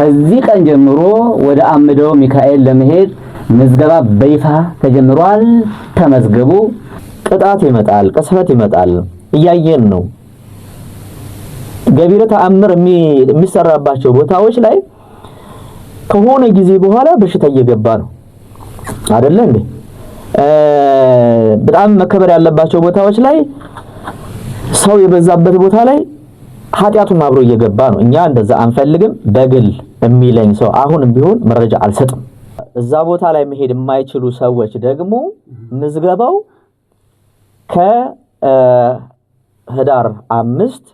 ከዚህ ቀን ጀምሮ ወደ አምደው ሚካኤል ለመሄድ ምዝገባ በይፋ ተጀምሯል። ተመዝገቡ። ቅጣት ይመጣል፣ ቅስፈት ይመጣል። እያየን ነው። ገቢረ ተአምር የሚሰራባቸው ቦታዎች ላይ ከሆነ ጊዜ በኋላ በሽታ እየገባ ነው አይደለ እንዴ? በጣም መከበር ያለባቸው ቦታዎች ላይ ሰው የበዛበት ቦታ ላይ ኃጢአቱም አብሮ እየገባ ነው። እኛ እንደዛ አንፈልግም በግል የሚለኝ ሰው አሁንም ቢሆን መረጃ አልሰጥም። እዛ ቦታ ላይ መሄድ የማይችሉ ሰዎች ደግሞ ምዝገባው ከህዳር አምስት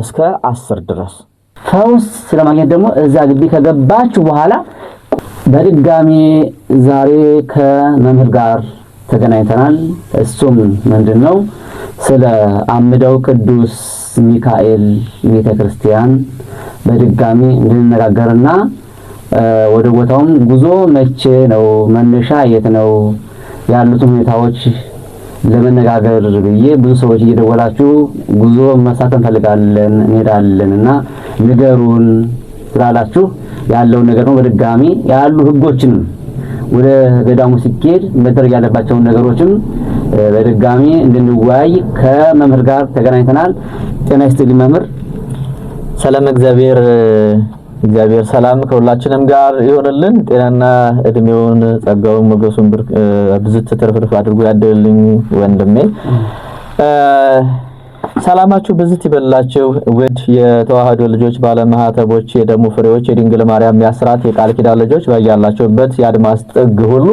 እስከ አስር ድረስ ፈውስ ስለማግኘት ደግሞ እዛ ግቢ ከገባችሁ በኋላ በድጋሚ ዛሬ ከመምህር ጋር ተገናኝተናል። እሱም ምንድን ነው ስለ አምደው ቅዱስ ሚካኤል ቤተ ክርስቲያን በድጋሚ እንድንነጋገርና ወደ ቦታውም ጉዞ መቼ ነው፣ መነሻ የት ነው ያሉትን ሁኔታዎች ለመነጋገር ብዬ ብዙ ሰዎች እየደወላችሁ ጉዞ መሳተን እንፈልጋለን እንሄዳለን እና ንገሩን ስላላችሁ ያለውን ነገር ነው በድጋሚ ያሉ ህጎችንም ወደ ገዳሙ ሲኬድ መደረግ ያለባቸውን ነገሮችም በድጋሚ እንድንወያይ ከመምህር ጋር ተገናኝተናል። ጤና ይስጥልኝ መምህር። ሰላም እግዚአብሔር እግዚአብሔር ሰላም ከሁላችንም ጋር ይሆንልን። ጤናና እድሜውን ጸጋውን ሞገሱን ብዙ ትርፍርፍ አድርጎ ያደልልኝ ወንድሜ ሰላማችሁ ብዝት ይበላችሁ ውድ የተዋህዶ ልጆች ባለማህተቦች፣ የደሙ ፍሬዎች፣ የድንግል ማርያም ያስራት የቃል ኪዳን ልጆች በያላችሁበት የአድማስ ጥግ ሁሉ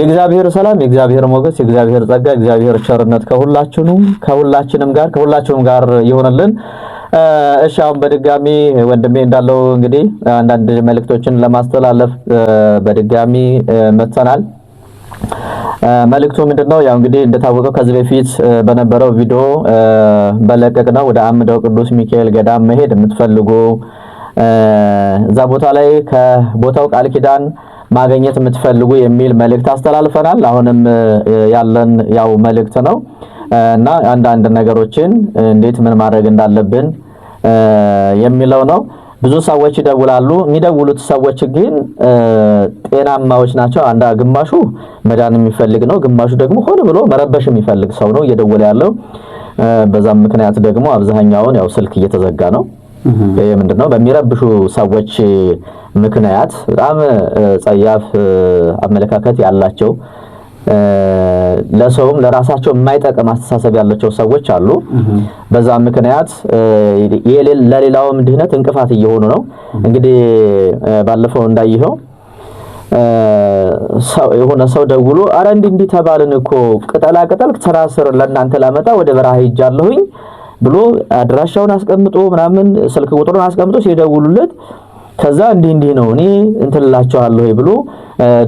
የእግዚአብሔር ሰላም፣ የእግዚአብሔር ሞገስ፣ የእግዚአብሔር ጸጋ፣ የእግዚአብሔር ቸርነት ከሁላችንም ከሁላችንም ጋር ከሁላችሁም ጋር ይሆንልን። እሺ አሁን በድጋሚ ወንድሜ እንዳለው እንግዲህ አንዳንድ መልእክቶችን ለማስተላለፍ በድጋሚ መጥተናል። መልእክቱ ምንድነው? ያው እንግዲህ እንደታወቀው ከዚህ በፊት በነበረው ቪዲዮ በለቀቅ ነው ወደ አምደው ቅዱስ ሚካኤል ገዳም መሄድ የምትፈልጉ እዛ ቦታ ላይ ከቦታው ቃል ኪዳን ማግኘት የምትፈልጉ የሚል መልእክት አስተላልፈናል። አሁንም ያለን ያው መልእክት ነው እና አንዳንድ ነገሮችን እንዴት ምን ማድረግ እንዳለብን የሚለው ነው። ብዙ ሰዎች ይደውላሉ። የሚደውሉት ሰዎች ግን ጤናማዎች ናቸው። አንዳ ግማሹ መዳን የሚፈልግ ነው፣ ግማሹ ደግሞ ሆነ ብሎ መረበሽ የሚፈልግ ሰው ነው እየደወለ ያለው። በዛም ምክንያት ደግሞ አብዛኛውን ያው ስልክ እየተዘጋ ነው። ይህ ምንድን ነው? በሚረብሹ ሰዎች ምክንያት በጣም ጸያፍ አመለካከት ያላቸው ለሰውም ለራሳቸው የማይጠቅም አስተሳሰብ ያላቸው ሰዎች አሉ። በዛ ምክንያት ለሌላውም ድህነት እንቅፋት እየሆኑ ነው። እንግዲህ ባለፈው እንዳየኸው የሆነ ሰው ደውሎ አረ እንዲህ እንዲህ ተባልን እኮ ቅጠላ ቅጠል ተራ ለእናንተ ላመጣ ወደ በረሃ ሂጃለሁኝ ብሎ አድራሻውን አስቀምጦ ምናምን ስልክ ቁጥሩን አስቀምጦ ሲደውሉለት ከዛ እንዲህ እንዲህ ነው እኔ እንትን ብሎ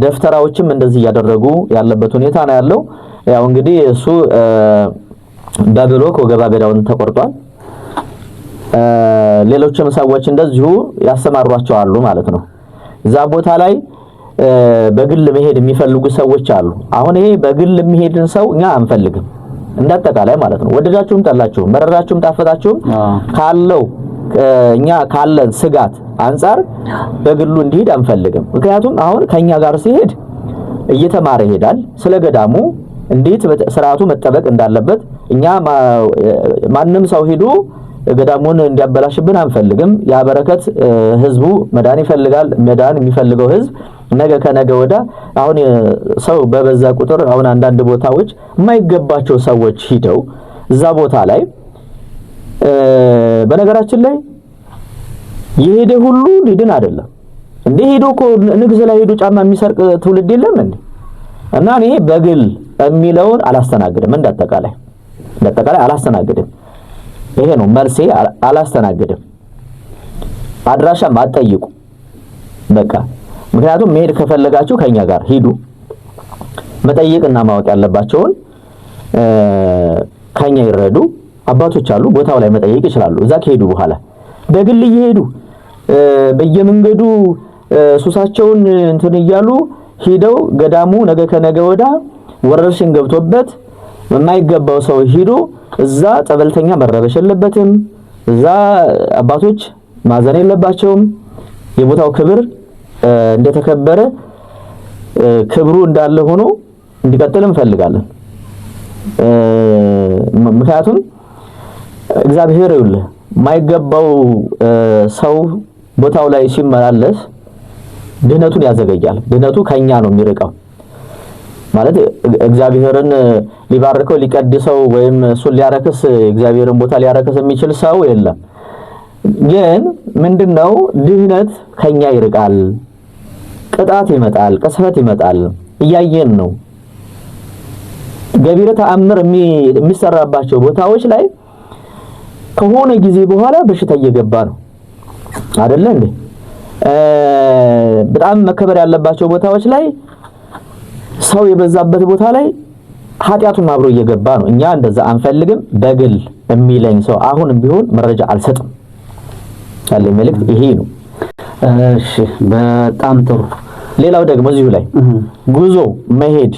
ደፍተራዎችም እንደዚህ እያደረጉ ያለበት ሁኔታ ነው ያለው። ያው እንግዲህ እሱ በብሎክ ወገባ ተቆርጧል። ሌሎችም ሰዎች እንደዚሁ ያሰማሯቸው ማለት ነው። እዛ ቦታ ላይ በግል መሄድ የሚፈልጉ ሰዎች አሉ። አሁን ይሄ በግል የሚሄድን ሰው እኛ አንፈልግም፣ እንዳጠቃላይ ማለት ነው። ወደዳችሁም ጠላችሁም፣ መረራችሁም ጣፈጣችሁም ካለው እኛ ካለን ስጋት አንጻር በግሉ እንዲሄድ አንፈልግም። ምክንያቱም አሁን ከኛ ጋር ሲሄድ እየተማረ ይሄዳል። ስለ ገዳሙ እንዴት ስርዓቱ መጠበቅ እንዳለበት እኛ ማንም ሰው ሄዶ ገዳሙን እንዲያበላሽብን አንፈልግም። ያ በረከት ህዝቡ መዳን ይፈልጋል። መዳን የሚፈልገው ህዝብ ነገ ከነገ ወዳ አሁን ሰው በበዛ ቁጥር አሁን አንዳንድ ቦታዎች የማይገባቸው ሰዎች ሂደው እዛ ቦታ ላይ በነገራችን ላይ የሄደ ሁሉ ሊድን አይደለም እንዴ? ሄዶ እኮ ንግስ ላይ ሄዶ ጫማ የሚሰርቅ ትውልድ የለም እንዴ? እና እኔ በግል የሚለውን አላስተናግድም። እንዳጠቃላይ እንዳጠቃላይ አላስተናግድም። ይሄ ነው መልሴ። አላስተናግድም። አድራሻም አትጠይቁ። በቃ ምክንያቱም መሄድ ከፈለጋችሁ ከኛ ጋር ሂዱ። መጠየቅና ማወቅ ያለባቸውን ከኛ ይረዱ። አባቶች አሉ፣ ቦታው ላይ መጠየቅ ይችላሉ። እዛ ከሄዱ በኋላ በግል እየሄዱ በየመንገዱ ሱሳቸውን እንትን እያሉ ሂደው ገዳሙ ነገ ከነገ ወዳ ወረርሽኝ ገብቶበት የማይገባው ሰው ሂዶ እዛ ጸበልተኛ መረበሽ የለበትም። እዛ አባቶች ማዘን የለባቸውም። የቦታው ክብር እንደተከበረ ክብሩ እንዳለ ሆኖ እንዲቀጥል እንፈልጋለን። ምክንያቱም እግዚአብሔር ይኸውልህ የማይገባው ሰው ቦታው ላይ ሲመላለስ ድህነቱን ያዘገያል። ድህነቱ ከኛ ነው የሚርቀው። ማለት እግዚአብሔርን ሊባርከው ሊቀድሰው ወይም እሱን ሊያረክስ እግዚአብሔርን ቦታ ሊያረክስ የሚችል ሰው የለም። ግን ምንድነው ድህነት ከኛ ይርቃል፣ ቅጣት ይመጣል፣ ቅስፈት ይመጣል። እያየን ነው። ገቢረ ተአምር የሚሰራባቸው ቦታዎች ላይ ከሆነ ጊዜ በኋላ በሽታ እየገባ ነው አይደለ እንዴ? በጣም መከበር ያለባቸው ቦታዎች ላይ ሰው የበዛበት ቦታ ላይ ኃጢአቱም አብሮ እየገባ ነው። እኛ እንደዛ አንፈልግም። በግል የሚለኝ ሰው አሁንም ቢሆን መረጃ አልሰጥም። ያለኝ መልእክት ይሄ ነው። እሺ፣ በጣም ጥሩ። ሌላው ደግሞ እዚሁ ላይ ጉዞ መሄድ፣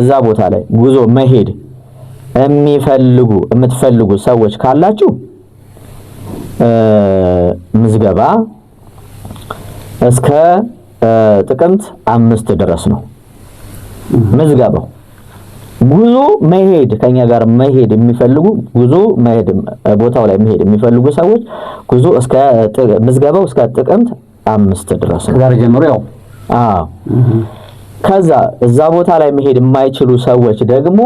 እዛ ቦታ ላይ ጉዞ መሄድ የሚፈልጉ የምትፈልጉ ሰዎች ካላችሁ ምዝገባ እስከ ጥቅምት አምስት ድረስ ነው ምዝገባው። ጉዞ መሄድ ከኛ ጋር መሄድ የሚፈልጉ ጉዞ መሄድ ቦታው ላይ መሄድ የሚፈልጉ ሰዎች ጉዞ እስከ ምዝገባው እስከ ጥቅምት አምስት ድረስ ነው። ከዛሬ ጀምሮ ያው አዎ ከዛ እዛ ቦታ ላይ መሄድ የማይችሉ ሰዎች ደግሞ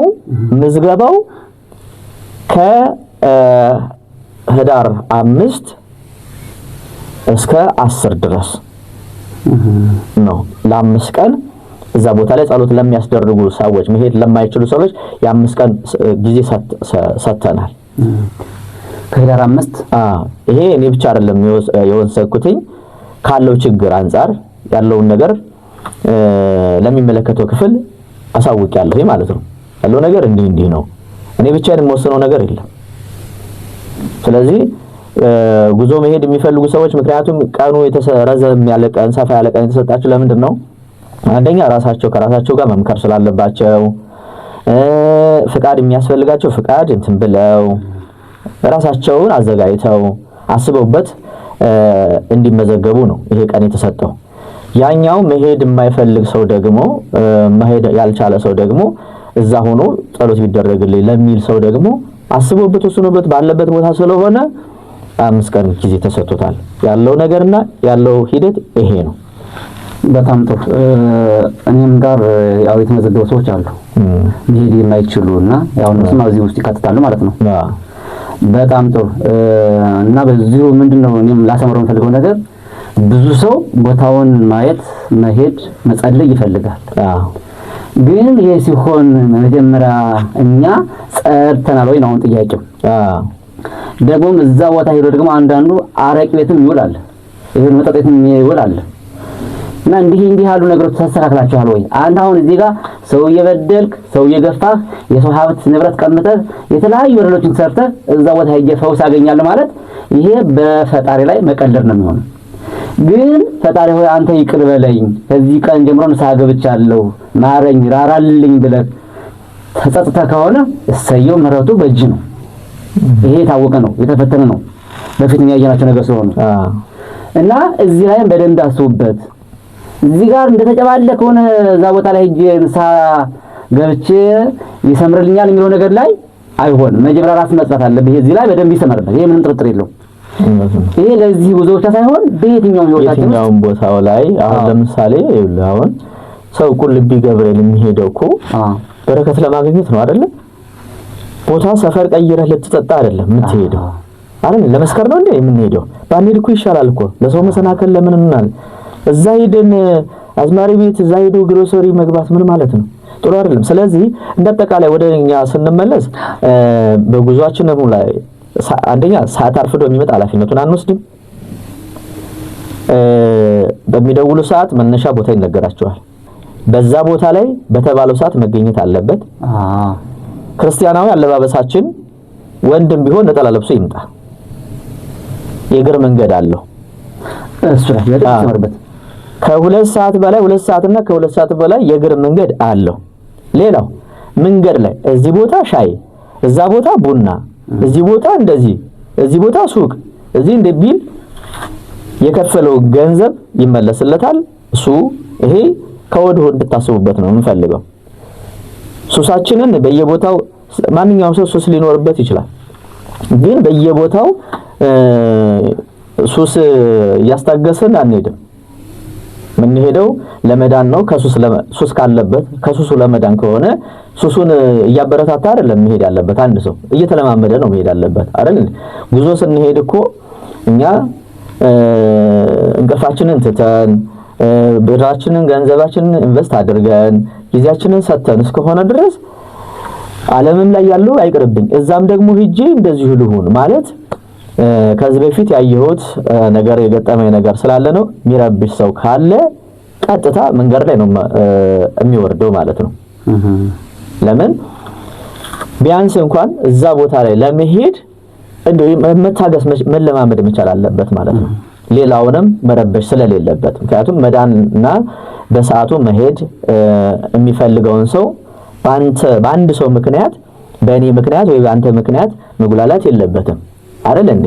ምዝገባው ከህዳር አምስት እስከ አስር ድረስ ነው። ለአምስት ቀን እዛ ቦታ ላይ ጸሎት ለሚያስደርጉ ሰዎች መሄድ ለማይችሉ ሰዎች የአምስት ቀን ጊዜ ሰጥተናል። ከህዳር አምስት ይሄ እኔ ብቻ አይደለም የወሰንኩትኝ ካለው ችግር አንጻር ያለውን ነገር ለሚመለከተው ክፍል አሳውቂያለሁ ማለት ነው። ያለው ነገር እንዲህ እንዲህ ነው። እኔ ብቻዬን የምወስነው ነገር የለም። ስለዚህ ጉዞ መሄድ የሚፈልጉ ሰዎች ምክንያቱም ቀኑ የተሰረዘም ያለ ቀን ሰፋ ያለ ቀን የተሰጣቸው ለምንድን ነው? አንደኛ ራሳቸው ከራሳቸው ጋር መምከር ስላለባቸው፣ ፍቃድ የሚያስፈልጋቸው ፍቃድ እንትን ብለው ራሳቸውን አዘጋጅተው አስበውበት እንዲመዘገቡ ነው ይሄ ቀን የተሰጠው። ያኛው መሄድ የማይፈልግ ሰው ደግሞ መሄድ ያልቻለ ሰው ደግሞ እዛ ሆኖ ጸሎት ቢደረግልኝ ለሚል ሰው ደግሞ አስቦበት ወስኖበት ባለበት ቦታ ስለሆነ አምስት ቀን ጊዜ ተሰጥቶታል። ያለው ነገርና ያለው ሂደት ይሄ ነው። በጣም ጥሩ። እኔም ጋር ያው የተመዘገቡ ሰዎች አሉ መሄድ የማይችሉ እና ያው እነሱም እዚህ ውስጥ ይካትታሉ ማለት ነው። በጣም ጥሩ እና በዚሁ ምንድን ነው እኔም ላሰምረው የምፈልገው ነገር ብዙ ሰው ቦታውን ማየት፣ መሄድ፣ መጸለይ ይፈልጋል። ግን ይሄ ሲሆን መጀመሪያ እኛ ጸድተናል ወይ ነው አሁን ጥያቄው። ደግሞ እዛ ቦታ ሄዶ ደግሞ አንዳንዱ አረቂ ቤትም ይውላል፣ ይሄን መጠጥ ቤትም ይውላል። እና እንዲህ እንዲህ ያሉ ነገሮች ተስተካክላችኋል ወይ? አንድ አሁን እዚህ ጋር ሰው እየበደልክ ሰው እየገፋህ የሰው ሀብት ንብረት ቀምተህ የተለያዩ ወረዶችን ሰርተህ እዛ ቦታ ሄጄ ፈውስ አገኛለሁ ማለት ይሄ በፈጣሪ ላይ መቀለር ነው የሚሆነው። ግን ፈጣሪ ሆይ አንተ ይቅር በለኝ፣ ከዚህ ቀን ጀምሮ ንስሐ ገብቻለሁ፣ ማረኝ፣ ራራልኝ ብለህ ተጸጽተህ ከሆነ እሰየው፣ ምህረቱ በእጅ ነው። ይሄ የታወቀ ነው፣ የተፈተነ ነው። በፊት ያየናቸው ነገር ስለሆነ እና እዚህ ላይ በደንብ አስቡበት። እዚህ ጋር እንደተጨባለ ከሆነ እዛ ቦታ ላይ ሄጄ ንስሐ ገብቼ ይሰምርልኛል የሚለው ነገር ላይ አይሆንም። መጀመሪያ ራስ መጽናት አለብህ። እዚህ ላይ በደንብ ይሰመርበት። ይሄ ምንም ጥርጥር የለውም። ይሄ ለዚህ ጉዞ ብቻ ሳይሆን በየትኛውም የትኛውም ቦታው ላይ አሁን ለምሳሌ ይኸውልህ አሁን ሰው ቁልቢ ልቢ ገብርኤል የሚሄደው እኮ በረከት ለማግኘት ነው አይደለም። ቦታ ሰፈር ቀይረህ ልትጠጣ አይደለም የምትሄደው አይደል? ለመስከር ነው እንዴ የምንሄደው? ባንሄድ እኮ ይሻላል እኮ ለሰው መሰናከል ለምን እናለን? እዛ ሄደን አዝማሪ ቤት እዛ ሄዶ ግሮሰሪ መግባት ምን ማለት ነው? ጥሩ አይደለም። ስለዚህ እንደ አጠቃላይ ወደኛ ስንመለስ በጉዟችንም ላይ አንደኛ ሰዓት አርፍዶ የሚመጣ ኃላፊነቱን አንወስድም። በሚደውሉ ሰዓት መነሻ ቦታ ይነገራቸዋል። በዛ ቦታ ላይ በተባለው ሰዓት መገኘት አለበት። ክርስቲያናዊ አለባበሳችን ወንድም ቢሆን ነጠላ ለብሶ ይምጣ። የእግር መንገድ አለው እሱ ላይ ከሁለት ሰዓት በላይ ሁለት ሰዓትና ከሁለት ሰዓት በላይ የእግር መንገድ አለው። ሌላው መንገድ ላይ እዚህ ቦታ ሻይ፣ እዛ ቦታ ቡና እዚህ ቦታ እንደዚህ፣ እዚህ ቦታ ሱቅ፣ እዚህ እንደ ቢል የከፈለው ገንዘብ ይመለስለታል። እሱ ይሄ ከወዲሁ እንድታስቡበት ነው የምንፈልገው ሱሳችንን በየቦታው ማንኛውም ሰው ሱስ ሊኖርበት ይችላል። ግን በየቦታው ሱስ እያስታገስን አንሄድም። የምንሄደው ለመዳን ነው። ከሱስ ካለበት ከሱሱ ለመዳን ከሆነ ሱሱን እያበረታታ አይደለም መሄድ ያለበት። አንድ ሰው እየተለማመደ ነው መሄድ ያለበት አይደል? ጉዞ ስንሄድ እኮ እኛ እንቅልፋችንን ትተን ብራችንን፣ ገንዘባችንን ኢንቨስት አድርገን ጊዜያችንን ሰጥተን እስከሆነ ድረስ ዓለምም ላይ ያለው አይቅርብኝ እዛም ደግሞ ሂጄ እንደዚሁ ልሁን ማለት ከዚህ በፊት ያየሁት ነገር የገጠመኝ ነገር ስላለ ነው። የሚረብሽ ሰው ካለ ቀጥታ መንገድ ላይ ነው የሚወርደው ማለት ነው። ለምን ቢያንስ እንኳን እዛ ቦታ ላይ ለመሄድ እንደው መታገስ መለማመድ መቻል አለበት ማለት ነው። ሌላውንም መረበሽ ስለሌለበት ምክንያቱም መዳንና በሰዓቱ መሄድ የሚፈልገውን ሰው በአንድ ሰው ምክንያት በእኔ ምክንያት ወይ በአንተ ምክንያት መጉላላት የለበትም አይደል እንዴ?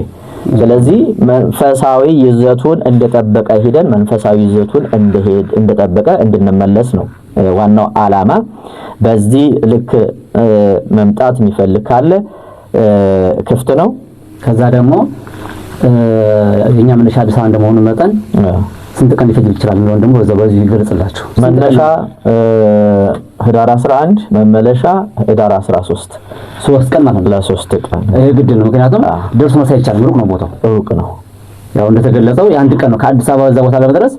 ስለዚህ መንፈሳዊ ይዘቱን እንደጠበቀ ሂደን መንፈሳዊ ይዘቱን እንደሄድ እንደጠበቀ እንድንመለስ ነው ዋናው ዓላማ። በዚህ ልክ መምጣት የሚፈልግ ካለ ክፍት ነው። ከዛ ደግሞ የኛ መነሻ አዲስ አበባ እንደመሆኑ መጠን ስንት ቀን ሊፈጅ ይችላል ነው ደግሞ በዛ በዚህ ይገለጽላችሁ። መነሻ ህዳር 11 መመለሻ ህዳር 13 ሶስት ቀን ማለት ነው። ለሶስት ቀን ይሄ ግድ ነው። ምክንያቱም ደርሶ መርሳ አይቻልም። ሩቅ ነው ቦታው ሩቅ ነው። ያው እንደተገለጸው የአንድ ቀን ነው። ከአዲስ አበባ እዛ ቦታ ለመድረስ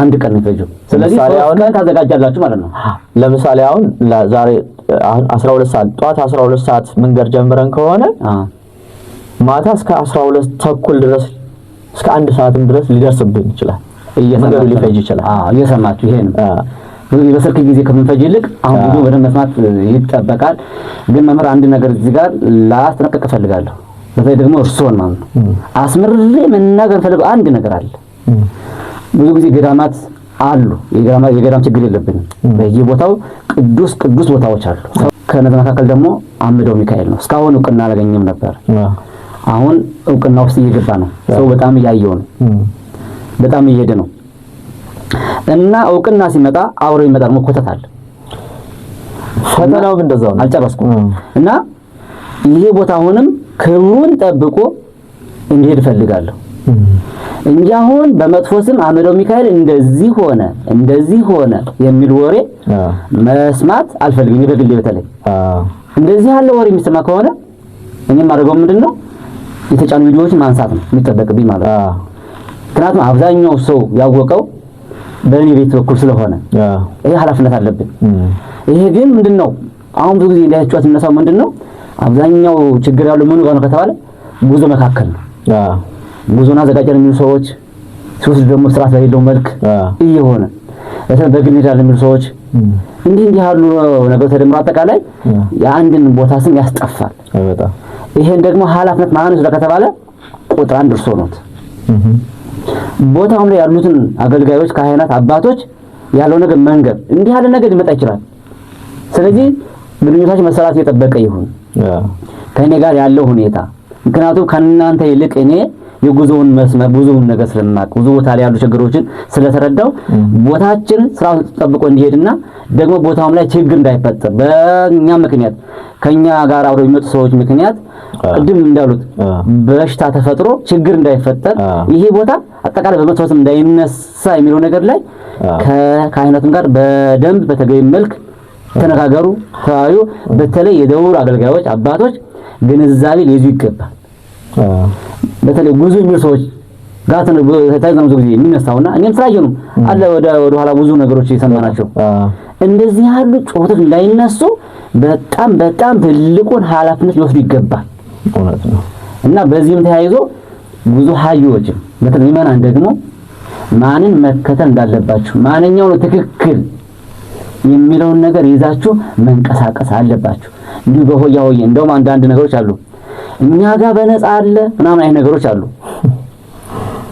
አንድ ቀን ነው የሚፈጀው። ስለዚህ ሶስት ቀን ታዘጋጃላችሁ ማለት ነው። ለምሳሌ አሁን ዛሬ 12 ሰዓት ጧት 12 ሰዓት መንገድ ጀምረን ከሆነ ማታ እስከ 12 ተኩል ድረስ እስከ አንድ ሰዓትም ድረስ ሊደርስብን ይችላል። እየሰማችሁ ሊፈጅ ይችላል። አዎ እየሰማችሁ ይሄን በስልክ ጊዜ ከምንፈጅ ይልቅ አሁን ብዙ ወደ መስማት ይጠበቃል። ግን መምህር አንድ ነገር እዚህ ጋር ላስጠነቅቅ እፈልጋለሁ። በተለይ ደግሞ እርስዎን ማለት ነው አስምሬ መናገር እፈልጋለሁ። አንድ ነገር አለ። ብዙ ጊዜ ገዳማት አሉ። የገዳም ችግር የለብንም። በየቦታው ቅዱስ ቅዱስ ቦታዎች አሉ። ከነዚህ መካከል ደግሞ አምደው ሚካኤል ነው። እስካሁን እውቅና አላገኘም ነበር። አሁን እውቅና ውስጥ እየገባ ነው። ሰው በጣም እያየው ነው። በጣም እየሄደ ነው እና እውቅና ሲመጣ አብሮ ይመጣል መኮተታል። ፈተናው እንደዛው ነው። አልጨረስኩም እና ይሄ ቦታ አሁንም ክብሩን ጠብቆ እንዲሄድ እፈልጋለሁ እንጂ አሁን በመጥፎ ስም አመለው ሚካኤል እንደዚህ ሆነ እንደዚህ ሆነ የሚል ወሬ መስማት አልፈልግም። በግሌ በተለይ እንደዚህ ያለ ወሬ የሚሰማ ከሆነ እኔም አድርገው ምንድን ነው የተጫኑ ቪዲዮዎችን ማንሳት ነው የሚጠበቅብኝ ማለት ነው። ምክንያቱም አብዛኛው ሰው ያወቀው በእኔ ቤት በኩል ስለሆነ ይሄ ኃላፊነት አለብን። ይሄ ግን ምንድን ነው አሁን ብዙ ጊዜ እንዳያችኋት የሚነሳው ምንድን ነው አብዛኛው ችግር ያለው ምን ጋር ነው ከተባለ ጉዞ መካከል ነው። ጉዞን አዘጋጀን የሚሉ ሰዎች ሲወስድ ደግሞ ስርዓት በሌለው መልክ እየሆነ በተለይ በግል እንሄዳለን የሚሉ ሰዎች እንዲህ እንዲህ ያሉ ነገሮች ተደምሮ አጠቃላይ የአንድን ቦታ ስም ያስጠፋል። ይሄን ደግሞ ኃላፊነት ማን ነው ከተባለ ቁጥር አንድ እርሶ ነዎት። ቦታውም ላይ ያሉትን አገልጋዮች፣ ካህናት፣ አባቶች ያለው ነገር መንገር እንዲህ ያለ ነገር ሊመጣ ይችላል። ስለዚህ ግንኙነታችን መሰራት እየጠበቀ ይሁን ከእኔ ጋር ያለው ሁኔታ ምክንያቱም ከእናንተ ይልቅ እኔ የጉዞውን መስመር ጉዞውን ነገር ስለማቅ ብዙ ቦታ ላይ ያሉ ችግሮችን ስለተረዳው ቦታችን ስራው ጠብቆ እንዲሄድና ደግሞ ቦታውም ላይ ችግር እንዳይፈጠር በእኛ ምክንያት ከኛ ጋር አብረው የሚመጡ ሰዎች ምክንያት ቅድም እንዳሉት በሽታ ተፈጥሮ ችግር እንዳይፈጠር ይሄ ቦታ አጠቃላይ በመስዋዕትም እንዳይነሳ የሚለው ነገር ላይ ከካህናቱም ጋር በደንብ በተገቢ መልክ ተነጋገሩ፣ ተወያዩ። በተለይ የደውር አገልጋዮች አባቶች ግንዛቤ ሊይዙ ይገባል። በተለይ ጉዞ የሚሉ ሰዎች ጋር ተነግሮ ብዙ ጊዜ የሚነሳውና እኔም ስላየነው አለ ወደ ወደ ኋላ ብዙ ነገሮች የሰማናቸው እንደዚህ ያሉ ጩኸቶች እንዳይነሱ በጣም በጣም ትልቁን ኃላፊነት ሊወስዱ ይገባል። እውነት ነው እና በዚህም ተያይዞ ብዙ ሀጂዎችም በተለይ ምዕመናን ደግሞ ማንን መከተል እንዳለባችሁ ማንኛው ነው ትክክል የሚለውን ነገር ይዛችሁ መንቀሳቀስ አለባችሁ። እንዲሁ በሆያ ሆየ እንደውም አንዳንድ ነገሮች አሉ እኛ ጋር በነፃ አለ ምናምን አይነት ነገሮች አሉ።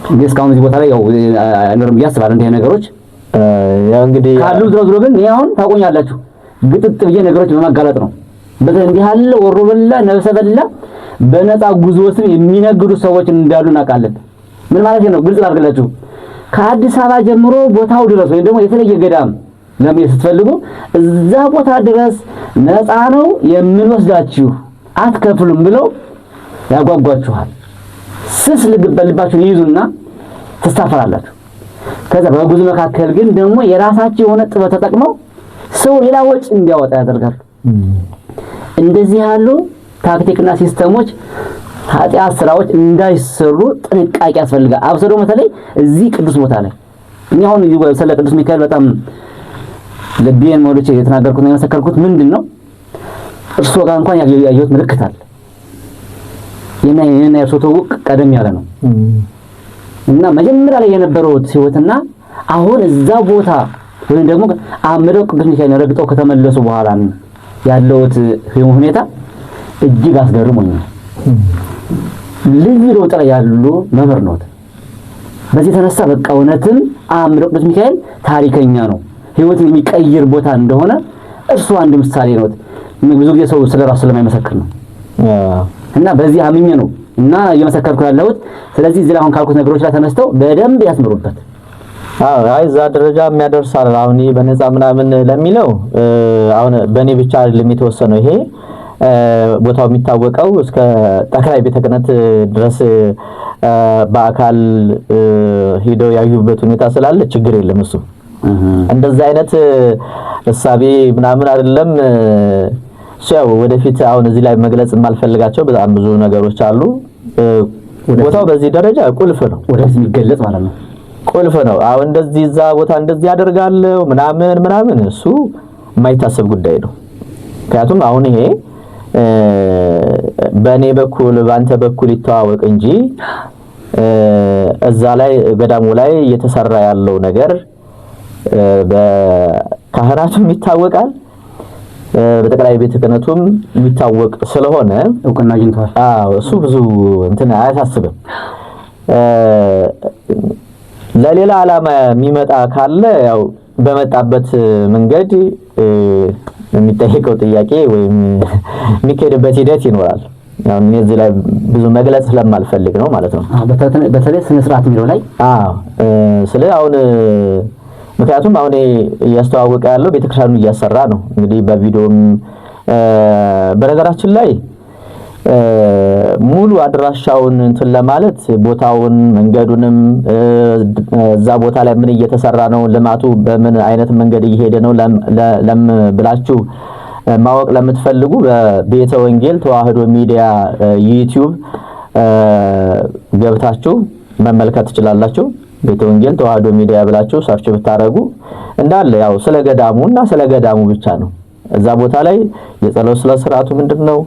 እንግዲህ እስካሁን እዚህ ቦታ ላይ ያው አይኖርም ብዬ አስባለሁ። እንዲህ ነገሮች ያው እንግዲህ ካሉ ድሮ ድሮ ግን ይሄ አሁን ታቆኛላችሁ ግጥጥ ብዬ ነገሮች በማጋለጥ ነው። በዛ እንዲህ ያለ ወሮ በላ ነብሰ በላ በነፃ ጉዞ ስም የሚነግዱ ሰዎች እንዳሉ እናውቃለን። ምን ማለት ነው? ግልጽ አድርግላችሁ ከአዲስ አበባ ጀምሮ ቦታው ድረስ ወይም ደግሞ የተለየ ገዳም ለምን ስትፈልጉ እዛ ቦታ ድረስ ነፃ ነው የምንወስዳችሁ አትከፍሉም ብለው ያጓጓችኋል። ስስ ልባችሁ ይይዙና ትሳፈራላችሁ። ከዛ በጉዝ መካከል ግን ደግሞ የራሳቸው የሆነ ጥበብ ተጠቅመው ሰው ሌላ ወጪ እንዲያወጣ ያደርጋሉ። እንደዚህ ያሉ ታክቲክና ሲስተሞች ኃጢአት ስራዎች እንዳይሰሩ ጥንቃቄ ያስፈልጋል። አብሶ ደግሞ በተለይ እዚህ ቅዱስ ቦታ ላይ እኛ አሁን ስለ ቅዱስ ሚካኤል በጣም ልቤን ሞልቼ የተናገርኩት የመሰከርኩት ምንድን ነው እርሶ ጋር እንኳን ያየሁት ምልክት አለ የኔና የእርሶ ትውውቅ ቀደም ያለ ነው እና መጀመሪያ ላይ የነበረውት ህይወትና አሁን እዛ ቦታ ወይም ደግሞ አምደው ቅዱስ ሚካኤል ረግጠው ከተመለሱ በኋላ ያለውት ሁኔታ እጅግ አስገርሞኛል። ልዩ ለውጥ ላይ ያሉ መምህር ነዎት። በዚህ የተነሳ በቃ እውነትም አምደው ቅዱስ ሚካኤል ታሪከኛ ነው፣ ህይወትን የሚቀይር ቦታ እንደሆነ እርሱ አንድ ምሳሌ ነዎት። ብዙ ጊዜ ሰው ስለ ራሱ ስለማይመሰክር ነው እና በዚህ አምኜ ነው እና እየመሰከርኩ ያለሁት። ስለዚህ እዚህ ላይ አሁን ካልኩት ነገሮች ላይ ተነስተው በደንብ ያስምሩበት። አዎ አይ እዛ ደረጃ የሚያደርሳል። አሁን በነፃ ምናምን ለሚለው አሁን በእኔ ብቻ አይደለም የተወሰነው ይሄ ቦታው የሚታወቀው እስከ ጠቅላይ ቤተ ክህነት ድረስ በአካል ሂደው ያዩበት ሁኔታ ስላለ ችግር የለም። እሱ እንደዛ አይነት እሳቤ ምናምን አይደለም ያው ወደፊት አሁን እዚህ ላይ መግለጽ የማልፈልጋቸው በጣም ብዙ ነገሮች አሉ። ቦታው በዚህ ደረጃ ቁልፍ ነው፣ ወደፊት የሚገለጽ ማለት ነው። ቁልፍ ነው። አሁን እንደዚህ እዛ ቦታ እንደዚህ ያደርጋለው ምናምን ምናምን፣ እሱ የማይታሰብ ጉዳይ ነው። ምክንያቱም አሁን ይሄ በእኔ በኩል በአንተ በኩል ይተዋወቅ እንጂ እዛ ላይ ገዳሙ ላይ እየተሰራ ያለው ነገር በካህናቱም ይታወቃል በጠቅላይ ቤተ ክህነቱም የሚታወቅ ስለሆነ እውቅና አግኝቷል። አዎ እሱ ብዙ እንትን አያሳስብም። ለሌላ ዓላማ የሚመጣ ካለ ያው በመጣበት መንገድ የሚጠየቀው ጥያቄ ወይም የሚካሄድበት ሂደት ይኖራል። እኔ እዚህ ላይ ብዙ መግለጽ ስለማልፈልግ ነው ማለት ነው። በተለይ ስነ ስርዓት የሚለው ላይ ስለ አሁን ምክንያቱም አሁን እያስተዋወቀ ያለው ቤተክርስቲያኑ እያሰራ ነው። እንግዲህ በቪዲዮም በነገራችን ላይ ሙሉ አድራሻውን እንትን ለማለት ቦታውን፣ መንገዱንም እዛ ቦታ ላይ ምን እየተሰራ ነው፣ ልማቱ በምን አይነት መንገድ እየሄደ ነው ለም ብላችሁ ማወቅ ለምትፈልጉ በቤተ ወንጌል ተዋህዶ ሚዲያ ዩቲዩብ ገብታችሁ መመልከት ትችላላችሁ። ቤተ ወንጌል ተዋህዶ ሚዲያ ብላችሁ ሰርች ብታረጉ እንዳለ ያው ስለ ገዳሙ እና ስለ ገዳሙ ብቻ ነው። እዛ ቦታ ላይ የጸሎት ስለ ስርዓቱ ምንድን ነው፣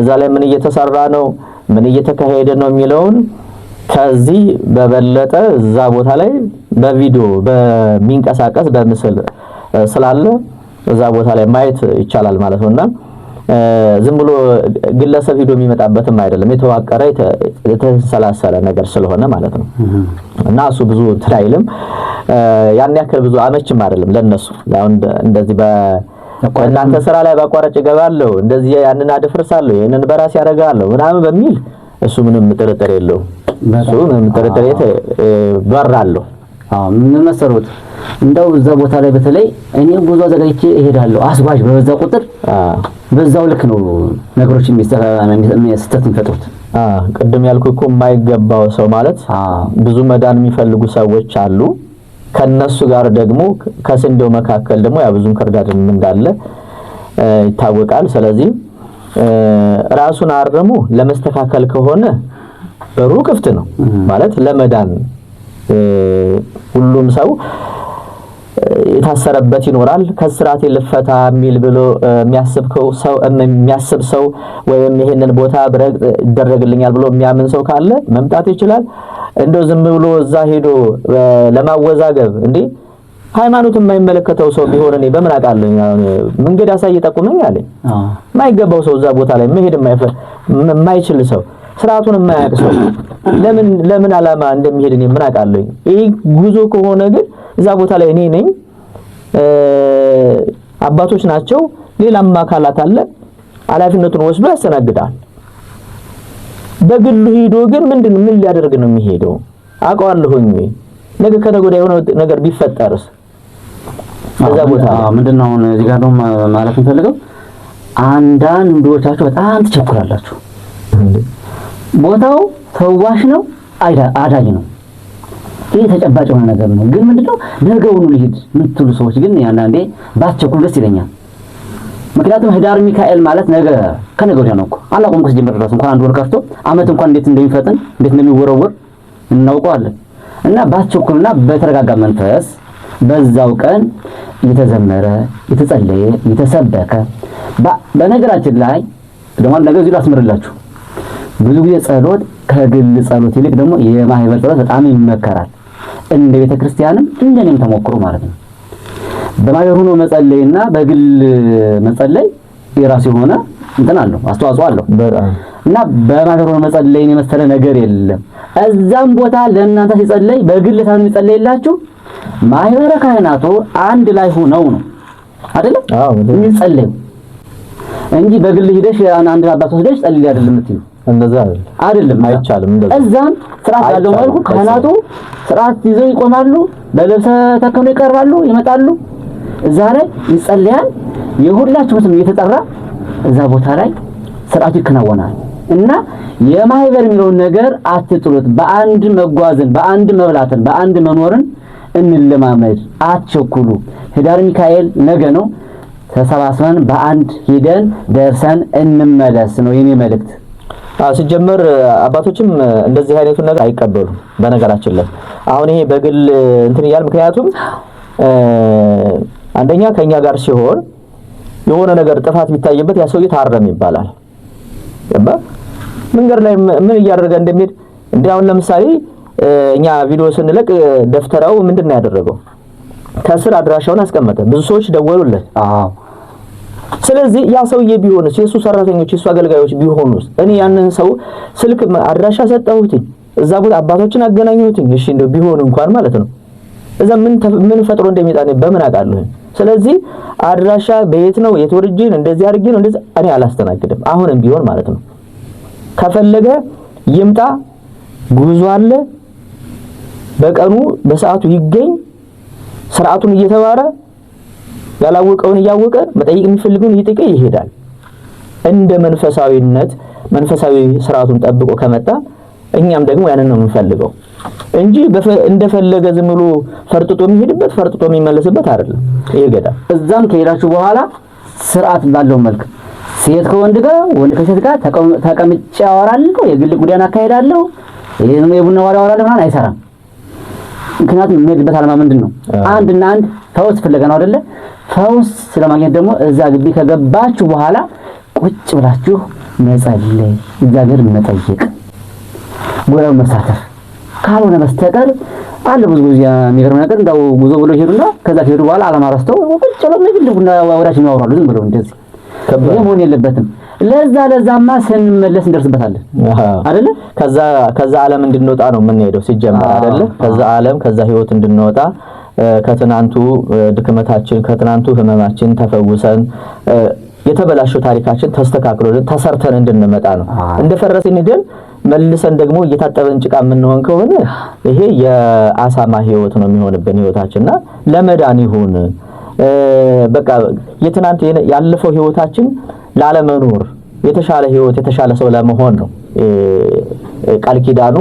እዛ ላይ ምን እየተሰራ ነው፣ ምን እየተካሄደ ነው የሚለውን ከዚህ በበለጠ እዛ ቦታ ላይ በቪዲዮ በሚንቀሳቀስ በምስል ስላለ እዛ ቦታ ላይ ማየት ይቻላል ማለት ነውና ዝም ብሎ ግለሰብ ሂዶ የሚመጣበትም አይደለም። የተዋቀረ የተሰላሰለ ነገር ስለሆነ ማለት ነው እና እሱ ብዙ እንትን አይልም። ያን ያክል ብዙ አመችም አይደለም ለነሱ። አሁን እንደዚህ በእናንተ ስራ ላይ በአቋራጭ እገባለሁ፣ እንደዚህ ያንን አድፍርሳለሁ፣ ይህንን በራሴ ያደርጋለሁ ምናምን በሚል እሱ ምንም ጥርጥር የለው። እሱ ምንም ጥርጥር በራለሁ። ምን እንደው እዛ ቦታ ላይ በተለይ እኔ ጉዞ አዘጋጅቼ እሄዳለሁ። አስጓዥ በበዛ ቁጥር በዛው ልክ ነው ነገሮች ስህተት የሚፈጥሩት። ቅድም ያልኩ እኮ የማይገባው ሰው ማለት ብዙ መዳን የሚፈልጉ ሰዎች አሉ። ከነሱ ጋር ደግሞ ከስንዴው መካከል ደግሞ ያ ብዙም ከርዳድም እንዳለ ይታወቃል። ስለዚህ ራሱን አርሙ ለመስተካከል ከሆነ በሩ ክፍት ነው ማለት ለመዳን ሁሉም ሰው የታሰረበት ይኖራል። ከስራት ልፈታ የሚል ብሎ የሚያስብከው ሰው የሚያስብ ሰው ወይም ይሄንን ቦታ ብረቅ ይደረግልኛል ብሎ የሚያምን ሰው ካለ መምጣት ይችላል። እንደው ዝም ብሎ እዛ ሄዶ ለማወዛገብ እንዴ ሃይማኖት የማይመለከተው ሰው ቢሆን እኔ በምን አውቃለሁ? መንገድ አሳይ ጠቁመኝ አለኝ። የማይገባው ሰው እዛ ቦታ ላይ መሄድ የማይችል ሰው ስርዓቱን የማያውቅ ሰው ለምን ለምን አላማ እንደሚሄድ እኔ ምን አውቃለሁ። ይሄ ጉዞ ከሆነ ግን እዛ ቦታ ላይ እኔ ነኝ፣ አባቶች ናቸው፣ ሌላም አካላት አለ፣ ኃላፊነቱን ወስዶ ያስተናግዳል። በግሉ ሂዶ ግን ምንድን ምን ሊያደርግ ነው የሚሄደው? አውቀዋለሁኝ ነገ ከነገ ወዲያ የሆነ ነገር ቢፈጠርስ? እዛ ቦታ ምንድን ነው አሁን እዚህ ጋር ነው ማለት የምፈልገው። አንዳንዶቻችሁ በጣም ትቸኩላላችሁ። ቦታው ፈዋሽ ነው፣ አዳኝ ነው። ይህ ተጨባጭ የሆነ ነገር ነው። ግን ምንድነው ነገውኑ ልሂድ የምትሉ ሰዎች ግን አንዳንዴ ባትቸኩሉ ደስ ይለኛል። ምክንያቱም ህዳር ሚካኤል ማለት ነገ ከነገ ወዲያ ነው እኮ አላውቅም። እስኪ ጀምር ድረስ እንኳን አንድ ወር ከፍቶ አመት እንኳን እንዴት እንደሚፈጥን እንዴት እንደሚወረወር እናውቀዋለን። እና ባትቸኩልና በተረጋጋ መንፈስ በዛው ቀን የተዘመረ የተጸለየ የተሰበከ በነገራችን ላይ ደግሞ ነገር ላስምርላችሁ ብዙ ጊዜ ጸሎት ከግል ጸሎት ይልቅ ደግሞ የማህበር ጸሎት በጣም ይመከራል። እንደ ቤተ ክርስቲያንም እንደ ተሞክሮ ማለት ነው። በማህበር ሆኖ መጸለይና በግል መጸለይ የራሱ የሆነ እንትን አለው አስተዋጽኦ አለው እና በማህበር ሆኖ መጸለይን የመሰለ ነገር የለም። እዛም ቦታ ለእናንተ ሲጸለይ በግል ታን የሚጸለይላችሁ ማህበረ ካህናቱ አንድ ላይ ሆነው ነው አይደለም የሚጸለዩ እንጂ በግል ሂደሽ አንድ አባት ወስደሽ ጸልይ አይደለም የምትይው እንደዛ አይደለም፣ አይቻልም። እንደዛ እዛም ስርዓት ባለው መልኩ ካህናቱ ስርዓት ይዘው ይቆማሉ፣ በልብሰ ተክህኖ ይቀርባሉ፣ ይመጣሉ። እዛ ላይ ይጸለያል። የሁላችሁም ስም እየተጠራ እዛ ቦታ ላይ ስርዓቱ ይከናወናል። እና የማህበር የሚለውን ነገር አትጥሉት። በአንድ መጓዝን፣ በአንድ መብላትን፣ በአንድ መኖርን እንለማመድ። አትቸኩሉ። ህዳር ሚካኤል ነገ ነው። ተሰባስበን በአንድ ሂደን ደርሰን እንመለስ ነው የኔ መልእክት። ሲጀመር አባቶችም እንደዚህ አይነቱን ነገር አይቀበሉም። በነገራችን ላይ አሁን ይሄ በግል እንትን እያል ምክንያቱም አንደኛ ከኛ ጋር ሲሆን የሆነ ነገር ጥፋት ቢታይበት ያ ሰውዬ ታረም ይባላል። መንገድ ላይ ምን እያደረገ እንደሚሄድ እንዲህ አሁን ለምሳሌ እኛ ቪዲዮ ስንለቅ ደፍተራው ምንድን ነው ያደረገው? ከስር አድራሻውን አስቀመጠ። ብዙ ሰዎች ደወሉለት። አዎ ስለዚህ ያ ሰውዬ ቢሆንስ የእሱ ሰራተኞች የእሱ አገልጋዮች ቢሆኑስ እኔ ያንን ሰው ስልክ አድራሻ ሰጠሁትኝ፣ እዛ ቦታ አባቶችን አገናኘሁትኝ። እሺ እንደው ቢሆን እንኳን ማለት ነው እዛ ምን ምን ፈጥሮ እንደሚመጣ በምን አውቃለሁ? ስለዚህ አድራሻ በየት ነው የተወርጅን እንደዚህ አድርጌ ነው እንደዚህ እኔ አላስተናግድም። አሁንም ቢሆን ማለት ነው ከፈለገ ይምጣ፣ ጉዞ አለ፣ በቀኑ በሰዓቱ ይገኝ፣ ስርዓቱን እየተባረ ያላወቀውን እያወቀ መጠየቅ የሚፈልገውን እየጠየቀ ይሄዳል። እንደ መንፈሳዊነት መንፈሳዊ ስርዓቱን ጠብቆ ከመጣ እኛም ደግሞ ያንን ነው የምንፈልገው እንጂ እንደፈለገ ዝም ብሎ ፈርጥጦ የሚሄድበት ፈርጥጦ የሚመለስበት አይደለም። ይሄ ገዳ እዛም ከሄዳችሁ በኋላ ስርዓት ባለው መልክ ሴት ከወንድ ጋር፣ ወንድ ከሴት ጋር ተቀምጬ አወራለሁ፣ የግል ጉዳያን አካሄዳለሁ፣ የቡና ወሬ አወራለሁ ምናምን አይሰራም። ምክንያቱም የምሄድበት አላማ ምንድን ነው? አንድና አንድ ፈውስ ፍለጋ ነው አይደለ? ፈውስ ስለማግኘት ደግሞ እዛ ግቢ ከገባችሁ በኋላ ቁጭ ብላችሁ መጸለይ፣ እግዚአብሔር መጠየቅ፣ ጉባኤው መሳተፍ ካልሆነ በስተቀር አለ ብዙ ጊዜ የሚገርም ነገር እንደው ጉዞ ብሎ ይሄዱና ከዛ ከሄዱ በኋላ አላማ ረስተው ቁጭ ብለው ምን ይፈልጉና ወራችን ያወራሉ። ዝም ብለው እንደዚህ ይሄ መሆን የለበትም። ለዛ ለዛማ ስንመለስ እንደርስበታለን አይደለ? ከዛ ከዛ ዓለም እንድንወጣ ነው የምንሄደው ሲጀመር አይደለ? ከዛ ዓለም ከዛ ህይወት እንድንወጣ ከትናንቱ ድክመታችን ከትናንቱ ህመማችን ተፈውሰን የተበላሸው ታሪካችን ተስተካክሎልን ተሰርተን እንድንመጣ ነው። እንደፈረስን ግን መልሰን ደግሞ እየታጠበን ጭቃ የምንሆን ከሆነ ይሄ የአሳማ ህይወት ነው የሚሆንብን ህይወታችንና ለመዳን ይሁን በቃ የትናንት ያለፈው ህይወታችን ላለመኖር የተሻለ ህይወት የተሻለ ሰው ለመሆን ነው ቃል ኪዳኑ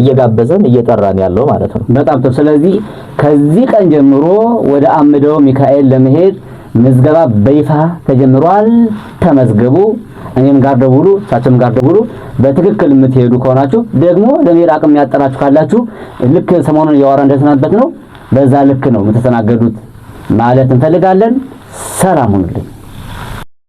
እየጋበዘን እየጠራን ያለው ማለት ነው። በጣም ጥሩ። ስለዚህ ከዚህ ቀን ጀምሮ ወደ አምደው ሚካኤል ለመሄድ ምዝገባ በይፋ ተጀምሯል። ተመዝገቡ። እኔም ጋር ደውሉ፣ እሳቸውም ጋር ደውሉ። በትክክል የምትሄዱ ከሆናችሁ ደግሞ ለመሄድ አቅም ያጠራችሁ ካላችሁ ልክ ሰሞኑን እያወራ እንደተሰናበት ነው። በዛ ልክ ነው የምትስተናገዱት ማለት እንፈልጋለን። ሰላም ሁኑልኝ።